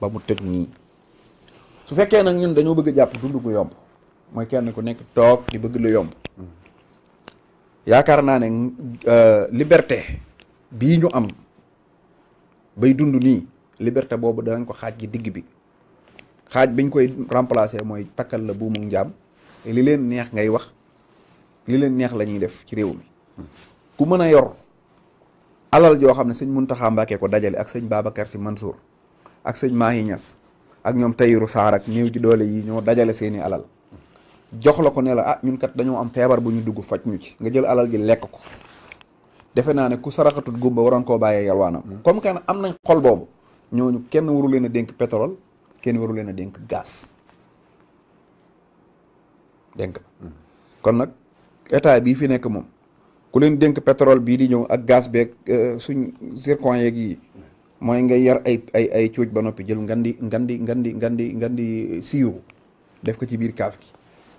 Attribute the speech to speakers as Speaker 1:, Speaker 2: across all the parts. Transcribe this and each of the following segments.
Speaker 1: ba mu tëg nii su fekkee nag ñun dañoo bëgg a jàpp dund gu yomb mooy kenn ku nekk toog di bëgg lu yomb yaakaar naa ne euh, liberté bii ñu am bay dund nii liberté boobu danañ ko xaaj gi digg bi xaaj biñ koy remplacer mooy takkal la buumu njaam li leen neex ngay wax li leen neex lañuy def ci réew mi ku mën a yor alal joo xam ne sëñ Muntaxa Mbàkke ko dajale ak sëñ Babacar Si Mansour ak sëñ Mahi ñas ak ñoom Tayiru Saar ak néew ji doole yi ñoo dajale seeni alal jox la ko ne la ah ñun kat dañoo am feebar bu ñu dugg faj ñu ci nga jël alal ji lekk ko defe naa ne ku saraxatut gumba waroon koo bàyyee yalwaanam hmm. comme que am nañ xol boobu ñooñu kenn waru leen dénk pétrole kenn waru leen a dénk gaz dénk hmm. kon nag état bii fi nekk moom ku leen dénk pétrole bii di ñëw ak gaz beeg euh, suñ zircon yeeg yi hmm. mooy nga yar ay ay cuuj ba noppi jël ngan di ngan di ngan di ngan di ngan di siiw def ko ci biir kaaf gi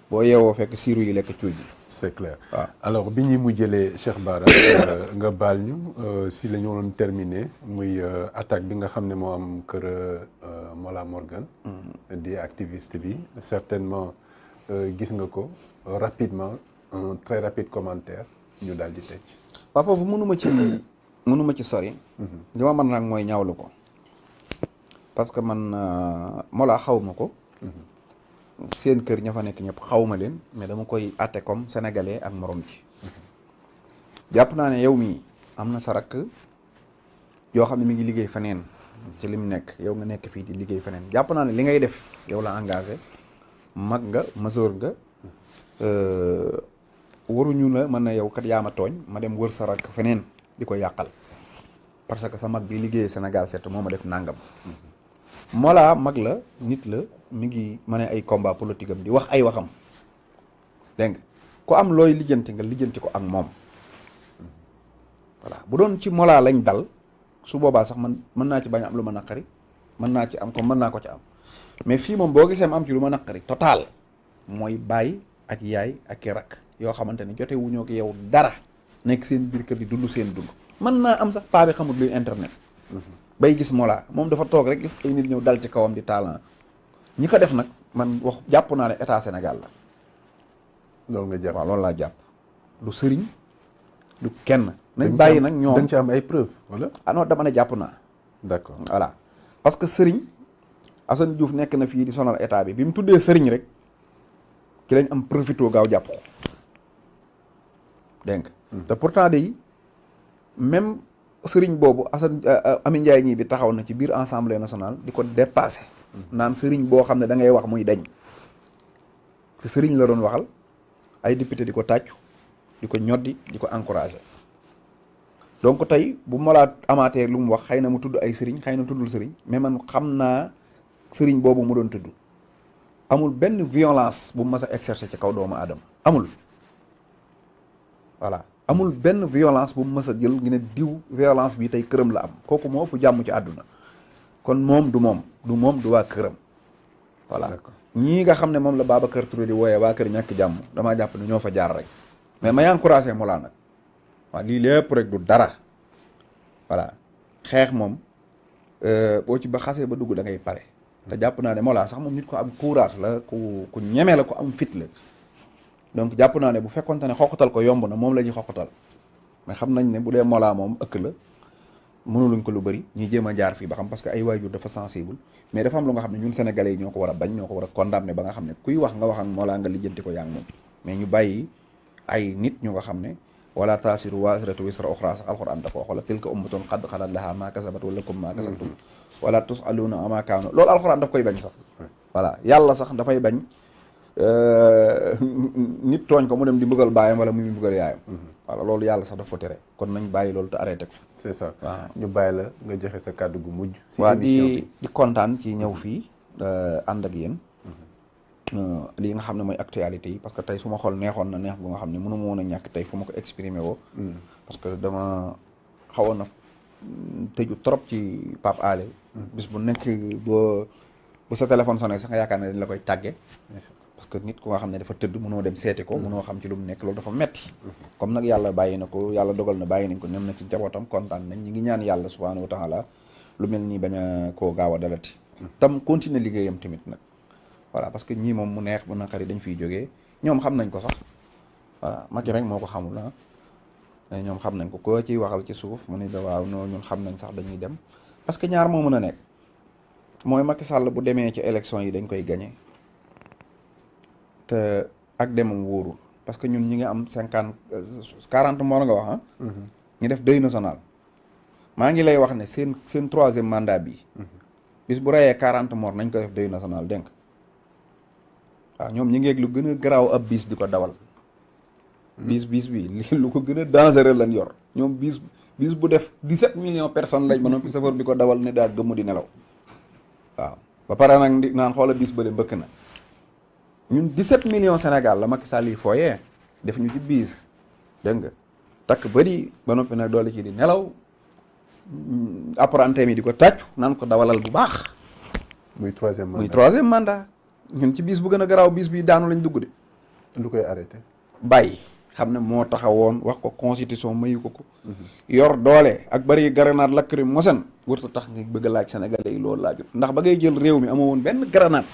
Speaker 1: boo yeewoo fekk siiru yi lekk cuuj yi c'est clair waaw alors bi ñuy mu jëlee Cheikh Bara euh, nga baal ñu euh, si la ñu waroon terminer muy euh, attaque bi nga xam ne moo am kër Mollah Morgan mm. di activiste bi certainement gis nga ko rapidement un très rapide commentaire ñu daal di tëj waaw foofu mënuma ci mënuma ci sori. Mhm. li ma mën nag mooy ñaawlu ko. parce que man euh, Mollah xaw xawuma ko. Mhm. seen kër ña fa nekk ñëpp xawuma leen mais dama koy àtte comme sénégalais ak moroom ci. Mhm. jàpp naa ne yow mii am na sa rakk yoo xam ne mi ngi liggéey feneen. ci lim nekk yow nga nekk fii di liggéey feneen jàpp naa ne li ngay def yow la engagé mag nga masoor nga. Euh, waruñu la mën na yow kat yaama ma tooñ ma dem wër sa rakk feneen. di ko yàqal parce que sa mag bi liggéeyee Sénégal set moo ma def nangam. mola mag la nit la mu ngi ma ne ay combat politique di wax ay waxam dégg nga ku am looy lijjanti nga lijjanti ko ak moom voilà bu doon ci mola lañ dal su boobaa sax man mën naa ci bañ am lu ma naqari mën naa ci am ko mën naa ko ci am mais fii moom boo gisee ma am ci lu ma naqari totaal mooy baay ak yaay ak i rak yoo xamante ne jote wuñoo ko yow dara nekk seen biir kër di dund seen dund mën naa am sax paa bi xamul luy internet bay gis Mollah moom dafa toog rek gis ay nit ñëw dal ci kawam di talent ñi ko def nag man wax jàpp naa ne état Sénégal la loolu loolu laa jàpp du sëriñ lu kenn nañ bàyyi nag ñoom dañ am wala ah dama ne jàpp naa d'accord voilà parce que sëriñ Assane Diouf nekk na fii di sonal état bi bi mu tuddee sëriñ rek ki lañ am profito gaaw jàpp ko dégg nga te pourtant day même sëriñ boobu Assane euh, euh, Amin Ndiaye bi taxaw na ci biir assemblée national di ko dépassé. naan sëriñ boo xam ne dangay wax muy dañ. te sëriñ la doon waxal ay député di ko tàccu di ko ñoddi di ko encouragé. donc tey bu malaat amaatee lu mu wax xëy na mu tudd ay sëriñ xëy na tuddul sëriñ mais man xam naa sëriñ boobu mu doon tudd amul benn violence bu mas a exercer ci kaw doomu aadama amul voilà amul benn violence bu mu mës a jël ngi ne diw violence bi tey këram la am kooku moo ëpp jàmm ci àdduna kon moom du moom du moom du waa këram voilà ñii nga xam ne moom la kër Touré di wooyee waa kër ñàkk jàmm damaa jàpp ne ñoo fa jaar rek mais may encouragé Mollah nag waaw lii lépp rek du dara voilà xeex moom euh, boo ci ba xasee ba dugg da ngay pare te jàpp naa ne Mollah sax moom nit ko am courage la ku ku ñeme la ku am fit la donc jàpp naa ne bu fekkonte ne xoqatal ko yomb na moom la ñuy xoqatal xam nañ ne bu dee Mollah moom ëkk la mënuluñ ko lu bëri ñuy jéem a jaar fii ba xam parce que ay waajur dafa sensible mais ne ñun sénégalais yi ñoo ko a bañ a condamné ba nga xam ne kuy wax nga wax ak Mollah ñu bàyyi ay nit ñu nga xam ne wala taasiru waasiratu wisra oxra sax alxuraan da ko tilka ummatun qad xalat laha ma kasabat wa lakum ma kasabtum kaanu loolu alxuraan daf koy bañ sax voilà yàlla sax dafay bañ Euh, nit tooñ ko mu dem di mbugal baayam wala muy mbugal yaayam. Mhm. voilà loolu yàlla sax daf ko tere kon nañ bàyyi loolu te arrêté ko. c'est ça waaw ñu bàyyi la nga joxe sa kàddu gu mujj. si émission di di kontaan ci ñëw fii euh, ànd ak yéen. Mhm. Euh, lii nga xam ne mooy actualité yi parce que tey su ma xool neexoon na neex bu nga xam ne mënu ma woon ñàkk tey fu ma ko exprimer woo. Mhm. parce que dama xawoon na tëju trop ci Pape Alé. bis bu nekk boo. bu sa téléphone sonné sax nga yaakaar ne dañ la koy tàgge parce que nit ku nga xam ne dafa tëdd mënoo dem seeti ko mënoo xam ci lu nekk loolu dafa metti comme nag yàlla bàyyi na ko yàlla dogal na bàyyi nañ ko ñoom na ci njabootam kontaan nañ ñi ngi ñaan yàlla subhaanahu wa taala lu mel nii bañ a koo gaaw a dalati tam continuer liggéeyam tamit nag voilà parce que ñii moom mu neex bu naqari dañ fiy jógee ñoom xam nañ ko sax voilà Macky rek moo ko xamul ah ñoom xam nañ ko ko ciy waxal ci suuf mu ne la waaw noo ñun xam nañ sax dañuy dem parce que ñaar moo mën a nekk mooy Macky Sall bu demee ci élection yi dañ koy gañe te ak demam wóorul parce que ñun ñi ngi am cinquante quarante moo nga wax ah. Mhm. ñu def deuil national. maa ngi lay wax ne seen seen troisième mandat bi mhm. bis bu rayee quarante mort nañ ko def deuil nationale dénk waaw ñoom ñi ngeeg lu gën a garaaw ab bis di ko dawal mhm. bis bis bi lu ko gën a dangereux lañ yor ñoom bis bis bu def dix-sept millions personnes lañ ba noppi chauffeur bi ko dawal ne daa gëmmu di nelaw waaw ba pare nag ndi naan xoola bis bële mbëkk na ñun 17 millions Sénégal la Macky Sall yi fooyee def ñu ci biis dégg nga takk bëri ba noppi nag doole ci di nelaw mm, apprenti mi di ko tàccu naan ko dawalal bu baax. muy troisième mandat muy troisième mandat ñun ci biis bu gën a garaaw biis bi daanu lañ dugg de. lu koy arrêté. bàyyi. xam ne moo woon wax ko constitution mayu ko ko. yor doole ak bari grenade lacrymogène warut a tax nga bëgg laaj sénégalais yi loolu laajut ndax ba ngay jël réew mi amoo woon benn grenade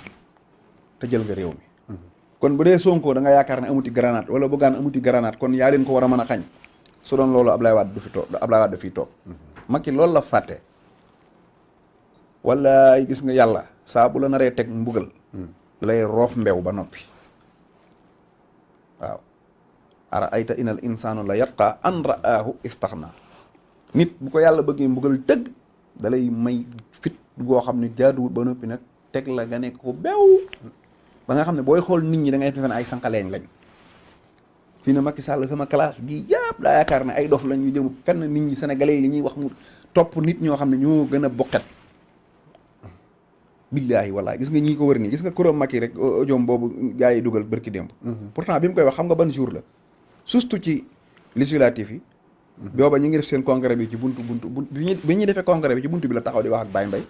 Speaker 1: ta jël nga réew mi. kon bu dee Sonko da nga yaakaar ne amuti grenade wala bëggaan amuti grenade kon yaa leen ko war a mën a xañ su doon loolu lay waat du fi toog Ablaye Wade dafiy toog. Macky loolu la fàtte. wala gis nga yàlla saabu la naree teg mbugal. Hmm. lay roof mbew ba noppi waaw. ara ayta inal insaanu la yatqa an ra'aahu istaxna nit bu ko yàlla bëggee mbugal dëgg da may fit goo xam ne jaaduwul ba noppi nag teg la nga nekk ko beew ba nga xam ne booy xool nit ñi da ngay ay sànqaleeñ lañ fii ne Macky Sall sama classe gi yëpp daa yaakaar ne ay dof lañ ñu jëm fenn nit ñi sénégalais yi ñuy wax mu topp nit ñoo xam ne ñoo gën a bokkat billaahi wallaahi gis nga ñii ko wër nii gis nga kuréel Macky rek jom boobu gaa yi dugal bërki démb mhm. pourtant bi mu koy wax xam nga ban jour la surtout ci législatif yi ba ñu ngi def seen congrès bi ci buntu buntu buntu bi ñu bi ñuy defee congrès bi ci buntu bi la taxaw di wax ak Baye Mbaye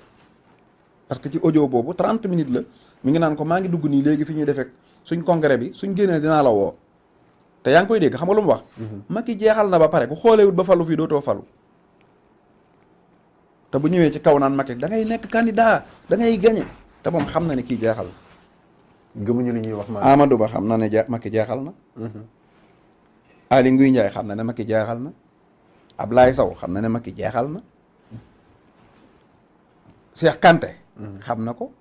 Speaker 1: parce que ci ojo boobu 30 minutes la mi ngi naan ko maa ngi dugg nii léegi fi ñuy defee suñ congrès bi suñ génnee dinaa la woo te yaa ngi koy dégg xam nga lu mu wax. Mhm. Macky jeexal na ba pare bu xooleewut ba falu fii dootoo falu. te bu ñëwee ci kaw naan Macky da ngay nekk candidat da ngay gagné te moom xam na ne kii jeexal na. gëmuñu li ñuy wax Amadou Ba xam na ne ja Macky jeexal na. Mhm. Aly nguy Ndiaye xam na ne Macky jaaxal na ab Ablaye Sow xam na ne ki jeexal na Cheikh Kanté mm-hmm. xam na ko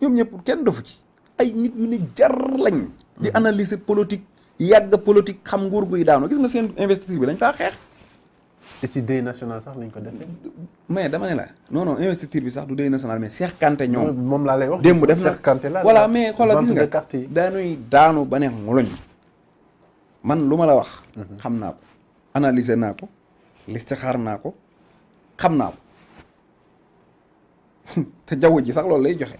Speaker 1: ñoom ñëpp kenn dofu ci ay nit ñu ni jar lañ di mm-hmm. analyser politique yàgg politique xam nguur guy daanu gis nga seen investiture bi dañ faa xeex te ci national sax lañ ko defee. mais dama ne la non non investiture bi sax du deuil national mais Cheikh Kanté ñoom. moom laa lay wax démb def na Cheikh Kanté la voilà mais xoolal gis nga daanuy daanu ba ne ngoloñ man lu ma la wax. Mhm. xam naa ko analyser naa ko xaar naa ko xam naa ko te jaww ji sax loolu lay joxe.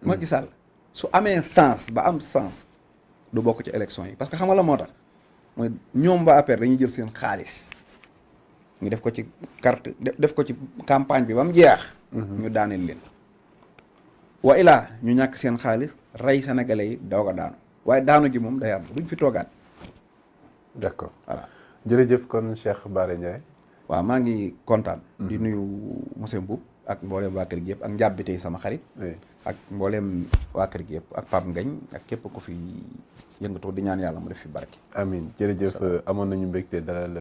Speaker 1: Mhm. Macky Sall su amee sens ba am sens du bokk ci élection yi parce que xam la moo tax mooy ñoom ba APR dañu jël seen xaalis ñu def ko ci carte def ko ci campagne bi ba mu jeex. Mhm. ñu daaneel leen. wa ilaa ñu ñàkk seen xaalis rey sénégalais yi doog a daanu. waaye daanu ji moom day am duñ fi toogaat. d'accord voilà jërëjëf kon Cheikh Bara Ndiaye. waaw maa ngi kontaan. Mm-hmm. di nuyu monsieur Mboub ak mboolem waa kër yëpp ak njàbbi sama xarit. ak mboolem waa kër yëpp ak Pape Ngagne ak képp ku fi yëngatu di ñaan yàlla mu def fi barke. amiin jërëjëf amoon nañu mbégte dalal